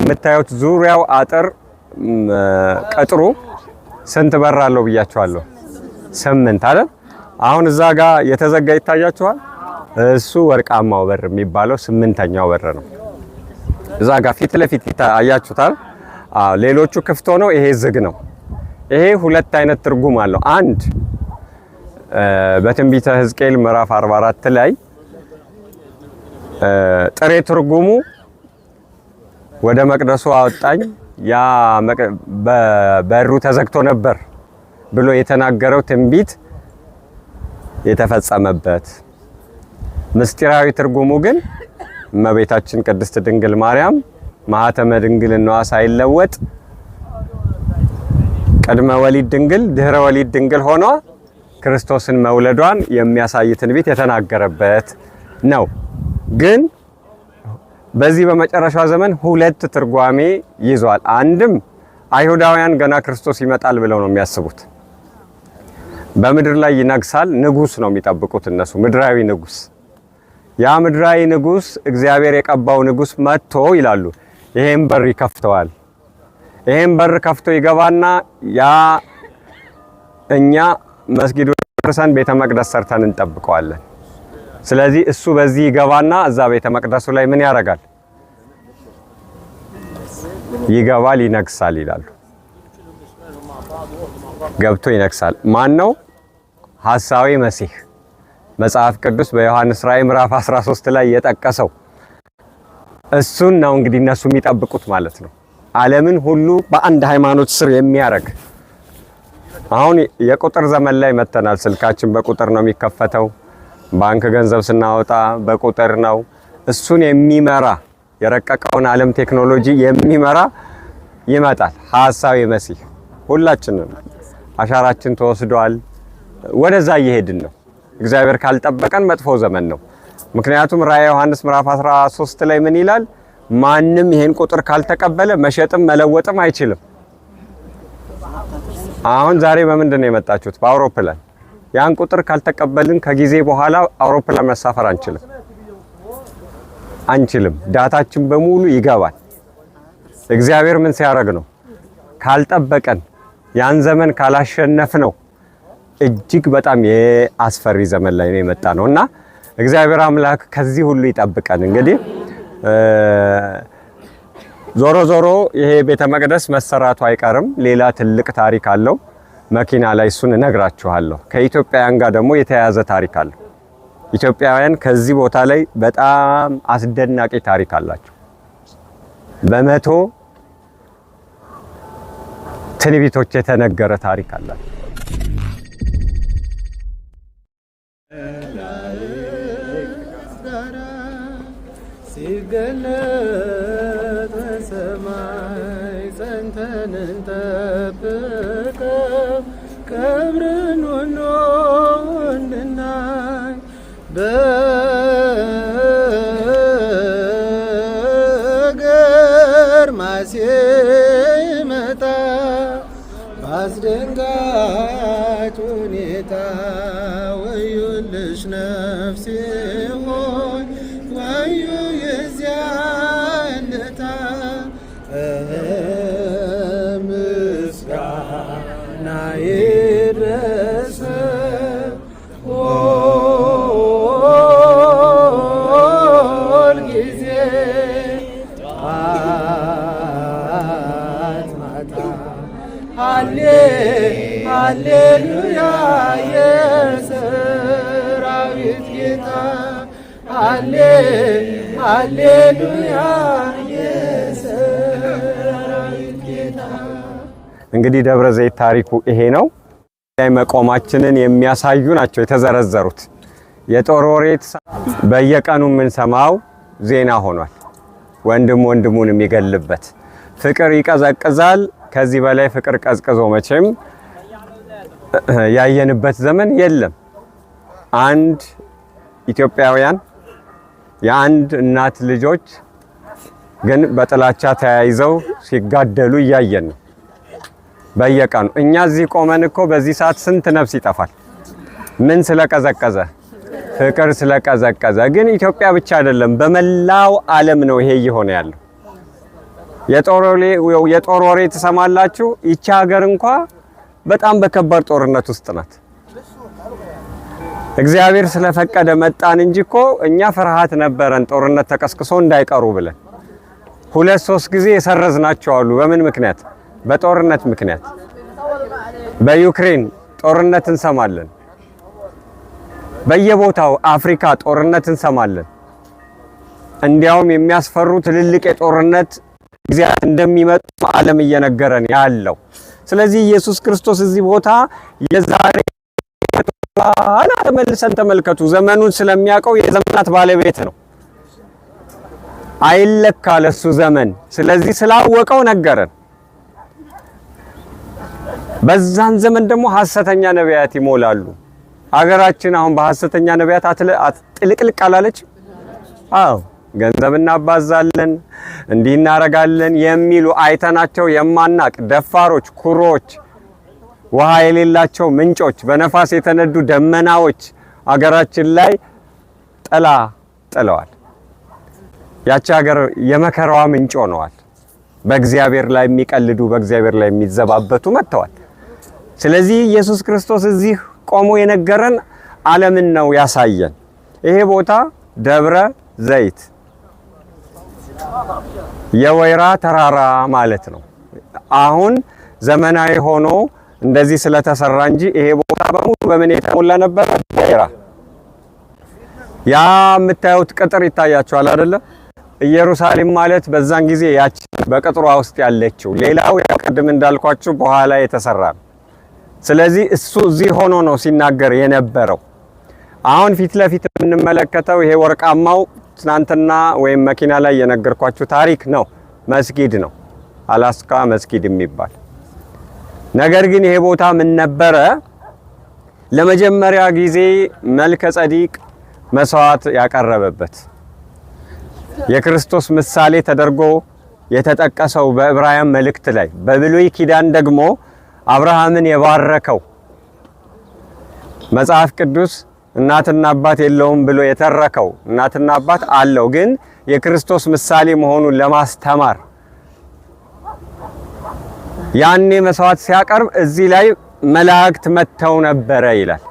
የምታዩት ዙሪያው አጥር ቀጥሩ ስንት በር አለው ብያችኋለሁ? ስምንት አለ አሁን እዛ ጋር የተዘጋ ይታያችኋል። እሱ ወርቃማው በር የሚባለው ስምንተኛው በር ነው። እዛ ጋር ፊት ለፊት አያችሁታል። ሌሎቹ ክፍት ሆነው ይሄ ዝግ ነው። ይሄ ሁለት አይነት ትርጉም አለው። አንድ በትንቢተ ሕዝቅኤል ምዕራፍ 44 ላይ ጥሬ ትርጉሙ ወደ መቅደሱ አወጣኝ። ያ በሩ ተዘግቶ ነበር ብሎ የተናገረው ትንቢት የተፈጸመበት ምስጢራዊ ትርጉሙ ግን እመቤታችን ቅድስት ድንግል ማርያም ማህተመ ድንግልናዋ ሳይለወጥ ቅድመ ወሊድ ድንግል ድህረ ወሊድ ድንግል ሆኗ ክርስቶስን መውለዷን የሚያሳይ ትንቢት የተናገረበት ነው ግን በዚህ በመጨረሻው ዘመን ሁለት ትርጓሜ ይዟል። አንድም አይሁዳውያን ገና ክርስቶስ ይመጣል ብለው ነው የሚያስቡት። በምድር ላይ ይነግሳል፣ ንጉስ ነው የሚጠብቁት እነሱ፣ ምድራዊ ንጉስ። ያ ምድራዊ ንጉስ እግዚአብሔር የቀባው ንጉስ መጥቶ ይላሉ፣ ይሄን በር ይከፍተዋል። ይሄን በር ከፍቶ ይገባና ያ እኛ መስጊዱ ርሰን ቤተ መቅደስ ሰርተን እንጠብቀዋለን። ስለዚህ እሱ በዚህ ይገባና እዛ ቤተ መቅደሱ ላይ ምን ያደርጋል? ይገባል ይነግሳል ይላሉ። ገብቶ ይነግሳል ማን ነው? ሐሳዊ መሲህ መጽሐፍ ቅዱስ በዮሐንስ ራእይ ምዕራፍ 13 ላይ የጠቀሰው እሱን ነው። እንግዲህ እነሱ የሚጠብቁት ማለት ነው። ዓለምን ሁሉ በአንድ ሃይማኖት ስር የሚያደርግ አሁን የቁጥር ዘመን ላይ መተናል። ስልካችን በቁጥር ነው የሚከፈተው። ባንክ ገንዘብ ስናወጣ በቁጥር ነው። እሱን የሚመራ የረቀቀውን ዓለም ቴክኖሎጂ የሚመራ ይመጣል። ሀሳዊ መሲህ ሁላችንም አሻራችን ተወስዷል። ወደዛ እየሄድን ነው። እግዚአብሔር ካልጠበቀን መጥፎ ዘመን ነው። ምክንያቱም ራእየ ዮሐንስ ምዕራፍ 13 ላይ ምን ይላል? ማንም ይሄን ቁጥር ካልተቀበለ መሸጥም መለወጥም አይችልም። አሁን ዛሬ በምንድን ነው የመጣችሁት? በአውሮፕላን ያን ቁጥር ካልተቀበልን ከጊዜ በኋላ አውሮፕላን መሳፈር አንችልም። አንችልም። ዳታችን በሙሉ ይገባል። እግዚአብሔር ምን ሲያደርግ ነው? ካልጠበቀን ያን ዘመን ካላሸነፍ ነው እጅግ በጣም የአስፈሪ ዘመን ላይ ነው የመጣ ነው እና እግዚአብሔር አምላክ ከዚህ ሁሉ ይጠብቀን። እንግዲህ ዞሮ ዞሮ ይሄ ቤተ መቅደስ መሰራቱ አይቀርም። ሌላ ትልቅ ታሪክ አለው። መኪና ላይ እሱን እነግራችኋለሁ። ከኢትዮጵያውያን ጋር ደግሞ የተያያዘ ታሪክ አለው። ኢትዮጵያውያን ከዚህ ቦታ ላይ በጣም አስደናቂ ታሪክ አላቸው። በመቶ ትንቢቶች የተነገረ ታሪክ አላቸው። ሲገለጥ ሰማይ ጸንተን እንጠብቅ እንግዲህ ደብረ ዘይት ታሪኩ ይሄ ነው። ላይ መቆማችንን የሚያሳዩ ናቸው የተዘረዘሩት። የጦር ወሬት በየቀኑ የምንሰማው ዜና ሆኗል። ወንድም ወንድሙን የሚገልበት ፍቅር ይቀዘቅዛል። ከዚህ በላይ ፍቅር ቀዝቅዞ መቼም ያየንበት ዘመን የለም። አንድ ኢትዮጵያውያን የአንድ እናት ልጆች ግን በጥላቻ ተያይዘው ሲጋደሉ እያየን ነው። በየቀኑ እኛ እዚህ ቆመን እኮ በዚህ ሰዓት ስንት ነፍስ ይጠፋል። ምን ስለቀዘቀዘ ፍቅር ስለቀዘቀዘ። ግን ኢትዮጵያ ብቻ አይደለም፣ በመላው ዓለም ነው ይሄ እየሆነ ያለው። የጦር ወሬ ትሰማላችሁ። ይቺ ሀገር እንኳ በጣም በከባድ ጦርነት ውስጥ ናት። እግዚአብሔር ስለፈቀደ መጣን እንጂ እኮ እኛ ፍርሃት ነበረን፣ ጦርነት ተቀስቅሶ እንዳይቀሩ ብለን ሁለት ሶስት ጊዜ የሰረዝናቸው አሉ። በምን ምክንያት በጦርነት ምክንያት በዩክሬን ጦርነት እንሰማለን። በየቦታው አፍሪካ ጦርነት እንሰማለን። እንዲያውም የሚያስፈሩ ትልልቅ የጦርነት ጊዜያት እንደሚመጡ ዓለም እየነገረን ያለው። ስለዚህ ኢየሱስ ክርስቶስ እዚህ ቦታ የዛሬ ኋላ ተመልሰን ተመልከቱ። ዘመኑን ስለሚያውቀው የዘመናት ባለቤት ነው። አይለካ ለሱ ዘመን። ስለዚህ ስላወቀው ነገረን። በዛን ዘመን ደግሞ ሐሰተኛ ነቢያት ይሞላሉ። አገራችን አሁን በሐሰተኛ ነቢያት ጥልቅልቅ አላለች? አዎ ገንዘብ እናባዛለን እንዲህ እናረጋለን የሚሉ አይተናቸው የማናቅ ደፋሮች፣ ኩሮች፣ ውሃ የሌላቸው ምንጮች፣ በነፋስ የተነዱ ደመናዎች አገራችን ላይ ጥላ ጥለዋል። ያቺ ሀገር የመከራዋ ምንጭ ሆነዋል። በእግዚአብሔር ላይ የሚቀልዱ በእግዚአብሔር ላይ የሚዘባበቱ መጥተዋል። ስለዚህ ኢየሱስ ክርስቶስ እዚህ ቆሞ የነገረን ዓለምን ነው ያሳየን። ይሄ ቦታ ደብረ ዘይት የወይራ ተራራ ማለት ነው። አሁን ዘመናዊ ሆኖ እንደዚህ ስለተሰራ እንጂ ይሄ ቦታ በሙሉ በምን የተሞላ ነበረ? ወይራ። ያ የምታዩት ቅጥር ይታያችኋል አይደለ? ኢየሩሳሌም ማለት በዛን ጊዜ ያቺ በቅጥሯ ውስጥ ያለችው። ሌላው ቅድም እንዳልኳችሁ በኋላ የተሰራ ነው። ስለዚህ እሱ እዚህ ሆኖ ነው ሲናገር የነበረው። አሁን ፊት ለፊት የምንመለከተው ይሄ ወርቃማው ትናንትና ወይም መኪና ላይ የነገርኳችሁ ታሪክ ነው፣ መስጊድ ነው፣ አላስካ መስጊድ የሚባል ነገር ግን ይሄ ቦታ ምን ነበረ? ለመጀመሪያ ጊዜ መልከ ጸዲቅ መስዋዕት ያቀረበበት የክርስቶስ ምሳሌ ተደርጎ የተጠቀሰው በዕብራውያን መልእክት ላይ በብሉይ ኪዳን ደግሞ አብርሃምን የባረከው መጽሐፍ ቅዱስ እናትና አባት የለውም ብሎ የተረከው እናትና አባት አለው፣ ግን የክርስቶስ ምሳሌ መሆኑን ለማስተማር ያኔ መስዋዕት ሲያቀርብ እዚህ ላይ መላእክት መጥተው ነበረ ይላል።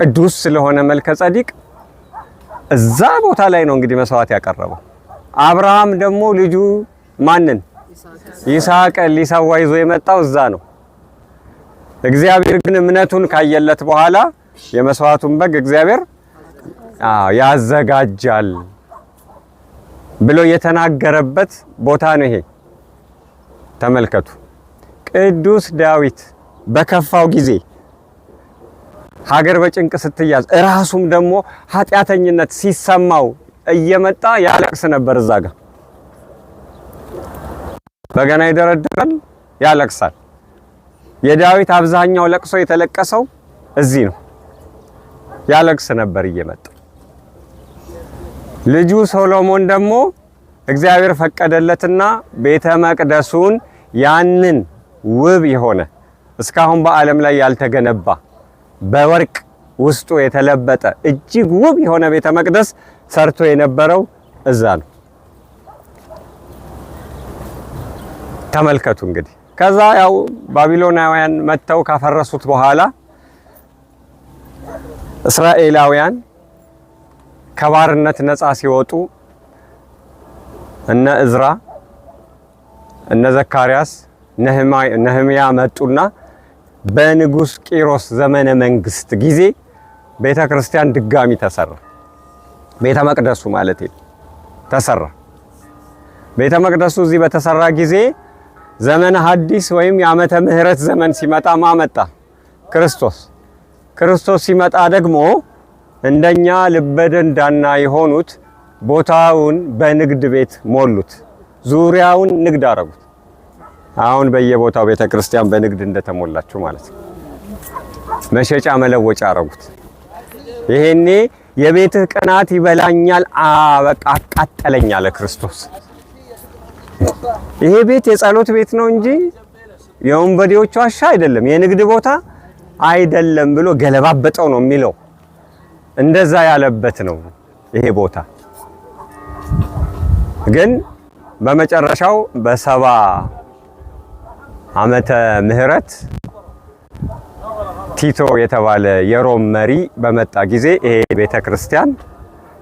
ቅዱስ ስለሆነ መልከ ጸዲቅ እዛ ቦታ ላይ ነው እንግዲህ መስዋዕት ያቀረበው። አብርሃም ደግሞ ልጁ ማንን ይስሐቅ ሊሰዋ ይዞ የመጣው እዛ ነው። እግዚአብሔር ግን እምነቱን ካየለት በኋላ የመስዋዕቱን በግ እግዚአብሔር ያዘጋጃል ብሎ የተናገረበት ቦታ ነው ይሄ። ተመልከቱ። ቅዱስ ዳዊት በከፋው ጊዜ ሀገር በጭንቅ ስትያዝ እራሱም ደግሞ ኃጢአተኝነት ሲሰማው እየመጣ ያለቅስ ነበር እዛ ጋር በገና ይደረድራል፣ ያለቅሳል። የዳዊት አብዛኛው ለቅሶ የተለቀሰው እዚህ ነው። ያለቅስ ነበር እየመጣ ልጁ ሶሎሞን ደግሞ እግዚአብሔር ፈቀደለትና ቤተ መቅደሱን ያንን ውብ የሆነ እስካሁን በዓለም ላይ ያልተገነባ በወርቅ ውስጡ የተለበጠ እጅግ ውብ የሆነ ቤተ መቅደስ ሰርቶ የነበረው እዛ ነው። ተመልከቱ እንግዲህ ከዛ ያው ባቢሎናውያን መጥተው ካፈረሱት በኋላ እስራኤላውያን ከባርነት ነፃ ሲወጡ እነ እዝራ እነ ዘካርያስ ነህምያ መጡና በንጉስ ቂሮስ ዘመነ መንግስት ጊዜ ቤተ ክርስቲያን ድጋሚ ተሰራ። ቤተ መቅደሱ ማለት ተሰራ። ቤተ መቅደሱ እዚህ በተሰራ ጊዜ ዘመነ ሐዲስ ወይም የዓመተ ምሕረት ዘመን ሲመጣ ማመጣ ክርስቶስ ክርስቶስ ሲመጣ ደግሞ እንደኛ ልበደንዳና የሆኑት ቦታውን በንግድ ቤት ሞሉት፣ ዙሪያውን ንግድ አረጉት። አሁን በየቦታው ቤተ ክርስቲያን በንግድ እንደተሞላችሁ ማለት ነው። መሸጫ መለወጫ አረጉት። ይሄኔ የቤትህ ቅናት ይበላኛል፣ በቃ አቃጠለኝ አለ ክርስቶስ። ይሄ ቤት የጸሎት ቤት ነው እንጂ የወንበዴዎች ዋሻ አይደለም፣ የንግድ ቦታ አይደለም ብሎ ገለባበጠው ነው የሚለው። እንደዛ ያለበት ነው ይሄ ቦታ። ግን በመጨረሻው በሰባ ዓመተ ምህረት ቲቶ የተባለ የሮም መሪ በመጣ ጊዜ ይሄ ቤተ ክርስቲያን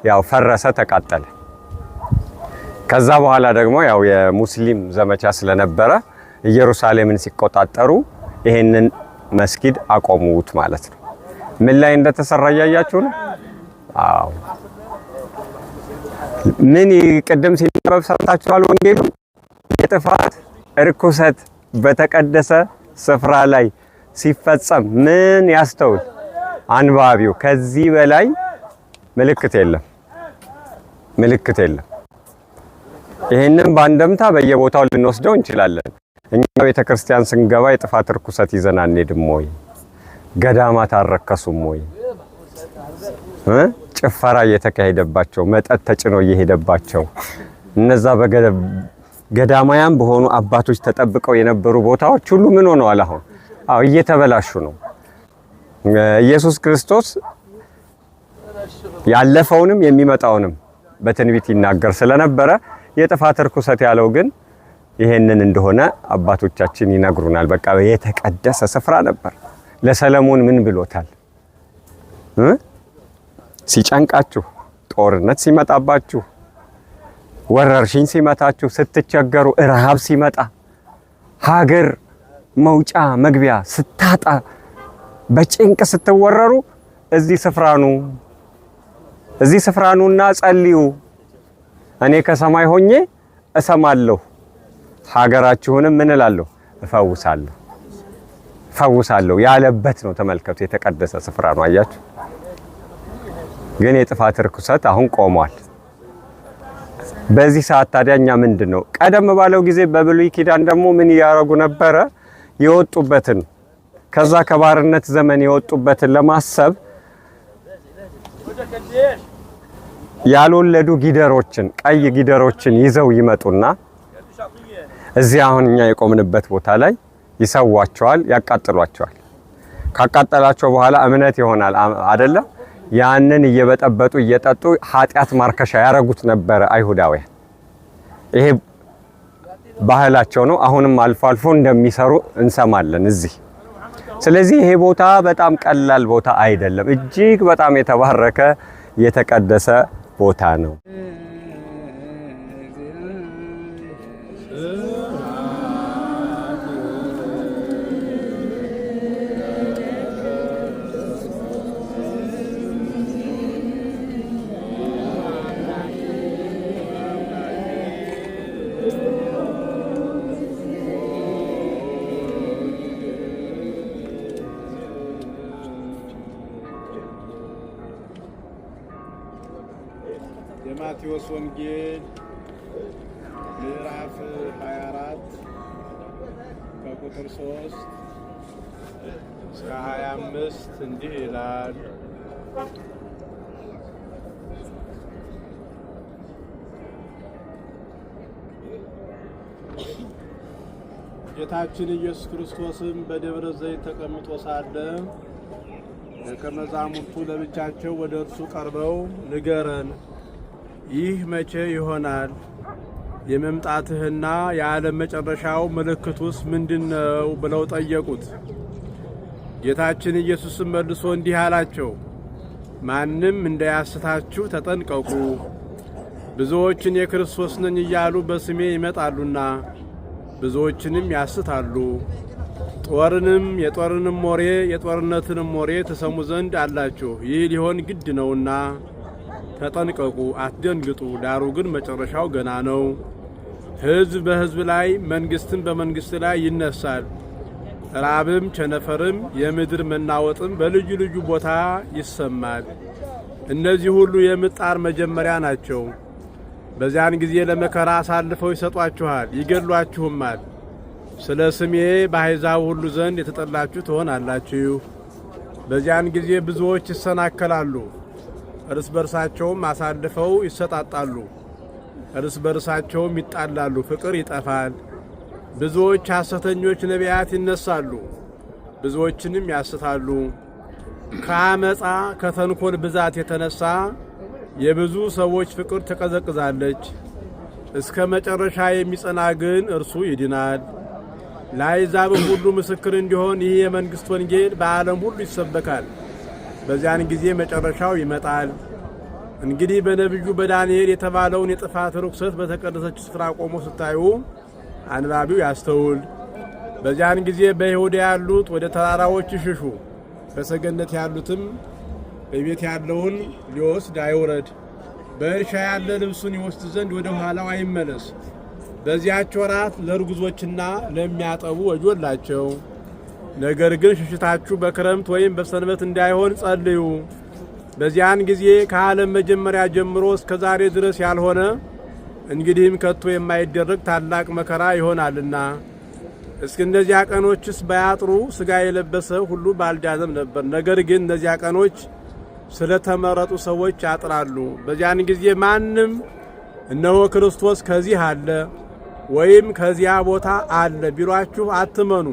ያው ፈረሰ፣ ተቃጠለ። ከዛ በኋላ ደግሞ ያው የሙስሊም ዘመቻ ስለነበረ ኢየሩሳሌምን ሲቆጣጠሩ ይህንን መስጊድ አቆሙት ማለት ነው። ምን ላይ እንደተሰራ እያያችሁ ነው። አዎ ምን ቅድም ሲነበብ ሰምታችኋል። ወንጌሉ የጥፋት እርኩሰት በተቀደሰ ስፍራ ላይ ሲፈጸም ምን ያስተውል አንባቢው። ከዚህ በላይ ምልክት የለም፣ ምልክት የለም። ይህንን በአንደምታ በየቦታው ልንወስደው እንችላለን። እኛ ክርስቲያን ስንገባ የጥፋት ርኩሰት ይዘን አንሄድም ወይ? ገዳማት አረከሱም ወይ? ጭፈራ እየተካሄደባቸው መጠጥ ተጭኖ እየሄደባቸው እነዛ ገዳማያን በሆኑ አባቶች ተጠብቀው የነበሩ ቦታዎች ሁሉ ምን ሆነዋል? አሁን አዎ እየተበላሹ ነው። ኢየሱስ ክርስቶስ ያለፈውንም የሚመጣውንም በትንቢት ይናገር ስለነበረ የጥፋት ርኩሰት ያለው ግን ይሄንን እንደሆነ አባቶቻችን ይነግሩናል። በቃ የተቀደሰ ስፍራ ነበር። ለሰለሞን ምን ብሎታል? ሲጨንቃችሁ፣ ጦርነት ሲመጣባችሁ፣ ወረርሽኝ ሲመታችሁ፣ ስትቸገሩ፣ ረሃብ ሲመጣ፣ ሀገር መውጫ መግቢያ ስታጣ፣ በጭንቅ ስትወረሩ፣ እዚህ ስፍራኑ እዚህ ስፍራኑና ጸልዩ እኔ ከሰማይ ሆኜ እሰማለሁ። ሀገራችሁንም ምን እላለሁ? እፈውሳለሁ እፈውሳለሁ ያለበት ነው። ተመልከቱ፣ የተቀደሰ ስፍራ ነው። አያችሁ። ግን የጥፋት ርኩሰት አሁን ቆሟል። በዚህ ሰዓት ታዲያ እኛ ምንድን ነው? ቀደም ባለው ጊዜ በብሉይ ኪዳን ደግሞ ምን እያደረጉ ነበረ? የወጡበትን ከዛ ከባርነት ዘመን የወጡበትን ለማሰብ ያልወለዱ ጊደሮችን ቀይ ጊደሮችን ይዘው ይመጡና እዚህ አሁን እኛ የቆምንበት ቦታ ላይ ይሰዋቸዋል፣ ያቃጥሏቸዋል። ካቃጠላቸው በኋላ እምነት ይሆናል አደለ? ያንን እየበጠበጡ እየጠጡ ኃጢአት ማርከሻ ያረጉት ነበረ አይሁዳውያን። ይሄ ባህላቸው ነው። አሁንም አልፎ አልፎ እንደሚሰሩ እንሰማለን እዚህ። ስለዚህ ይሄ ቦታ በጣም ቀላል ቦታ አይደለም። እጅግ በጣም የተባረከ የተቀደሰ ቦታ ነው። ማቴዎስ ወንጌል ምዕራፍ 24 ከቁጥር 3 እስከ 25 እንዲህ ይላል። ጌታችን ኢየሱስ ክርስቶስም በደብረ ዘይት ተቀምጦ ሳለ ደቀ መዛሙርቱ ለብቻቸው ወደ እርሱ ቀርበው ንገረን ይህ መቼ ይሆናል? የመምጣትህና የዓለም መጨረሻው ምልክቱስ ምንድን ነው? ብለው ጠየቁት። ጌታችን ኢየሱስም መልሶ እንዲህ አላቸው፣ ማንም እንዳያስታችሁ ተጠንቀቁ። ብዙዎችን የክርስቶስ ነኝ እያሉ በስሜ ይመጣሉና ብዙዎችንም ያስታሉ። ጦርንም የጦርንም ወሬ የጦርነትንም ወሬ ትሰሙ ዘንድ አላችሁ። ይህ ሊሆን ግድ ነውና ተጠንቀቁ፣ አትደንግጡ። ዳሩ ግን መጨረሻው ገና ነው። ሕዝብ በሕዝብ ላይ መንግስትም በመንግስት ላይ ይነሳል። ራብም ቸነፈርም የምድር መናወጥም በልዩ ልዩ ቦታ ይሰማል። እነዚህ ሁሉ የምጣር መጀመሪያ ናቸው። በዚያን ጊዜ ለመከራ አሳልፈው ይሰጧችኋል፣ ይገድሏችሁማል። ስለ ስሜ በአሕዛብ ሁሉ ዘንድ የተጠላችሁ ትሆናላችሁ። በዚያን ጊዜ ብዙዎች ይሰናከላሉ። እርስ በርሳቸውም አሳልፈው ይሰጣጣሉ፣ እርስ በርሳቸውም ይጣላሉ፣ ፍቅር ይጠፋል። ብዙዎች ሐሰተኞች ነቢያት ይነሳሉ፣ ብዙዎችንም ያስታሉ። ከአመፃ ከተንኮል ብዛት የተነሳ የብዙ ሰዎች ፍቅር ትቀዘቅዛለች። እስከ መጨረሻ የሚጸና ግን እርሱ ይድናል። ለአሕዛብም ሁሉ ምስክር እንዲሆን ይህ የመንግሥት ወንጌል በዓለም ሁሉ ይሰበካል። በዚያን ጊዜ መጨረሻው ይመጣል። እንግዲህ በነቢዩ በዳንኤል የተባለውን የጥፋት ርኩሰት በተቀደሰች ስፍራ ቆሞ ስታዩ አንባቢው ያስተውል። በዚያን ጊዜ በይሁዳ ያሉት ወደ ተራራዎች ይሽሹ፣ በሰገነት ያሉትም በቤት ያለውን ሊወስድ አይውረድ። በእርሻ ያለ ልብሱን ይወስድ ዘንድ ወደ ኋላው አይመለስ። በዚያች ወራት ለርጉዞችና ለሚያጠቡ ወዮላቸው። ነገር ግን ሽሽታችሁ በክረምት ወይም በሰንበት እንዳይሆን ጸልዩ። በዚያን ጊዜ ከዓለም መጀመሪያ ጀምሮ እስከ ዛሬ ድረስ ያልሆነ እንግዲህም ከቶ የማይደረግ ታላቅ መከራ ይሆናልና። እስከነዚያ ቀኖችስ ባያጥሩ ሥጋ የለበሰ ሁሉ ባልዳዘም ነበር። ነገር ግን እነዚያ ቀኖች ስለ ተመረጡ ሰዎች ያጥራሉ። በዚያን ጊዜ ማንም እነሆ ክርስቶስ ከዚህ አለ ወይም ከዚያ ቦታ አለ ቢሏችሁ አትመኑ።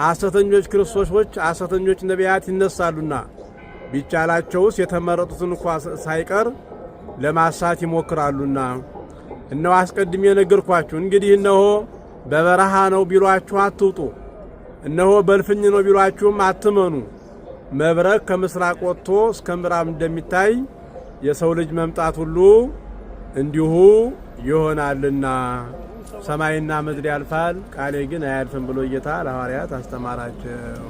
ሐሰተኞች ክርስቶሶች፣ ሐሰተኞች ነቢያት ይነሳሉና ቢቻላቸውስ የተመረጡትን እንኳ ሳይቀር ለማሳት ይሞክራሉና እነሆ አስቀድሜ ነገርኳችሁ። እንግዲህ እነሆ በበረሃ ነው ቢሏችሁ አትውጡ፣ እነሆ በልፍኝ ነው ቢሏችሁም አትመኑ። መብረቅ ከምስራቅ ወጥቶ እስከ ምዕራብ እንደሚታይ የሰው ልጅ መምጣት ሁሉ እንዲሁ ይሆናልና ሰማይና ምድር ያልፋል ቃሌ ግን አያልፍም ብሎ ጌታ ለሐዋርያት አስተማራቸው።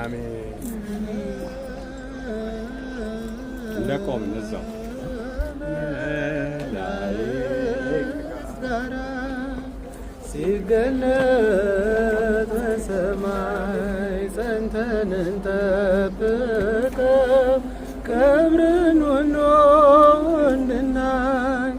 አሜን። እንደቆም እዛው ሲገነት በሰማይ ጸንተንን ጠብቀው ቀብርን ወኖ እንድናይ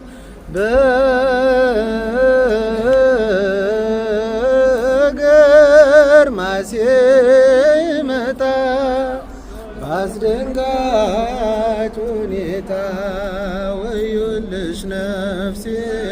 всі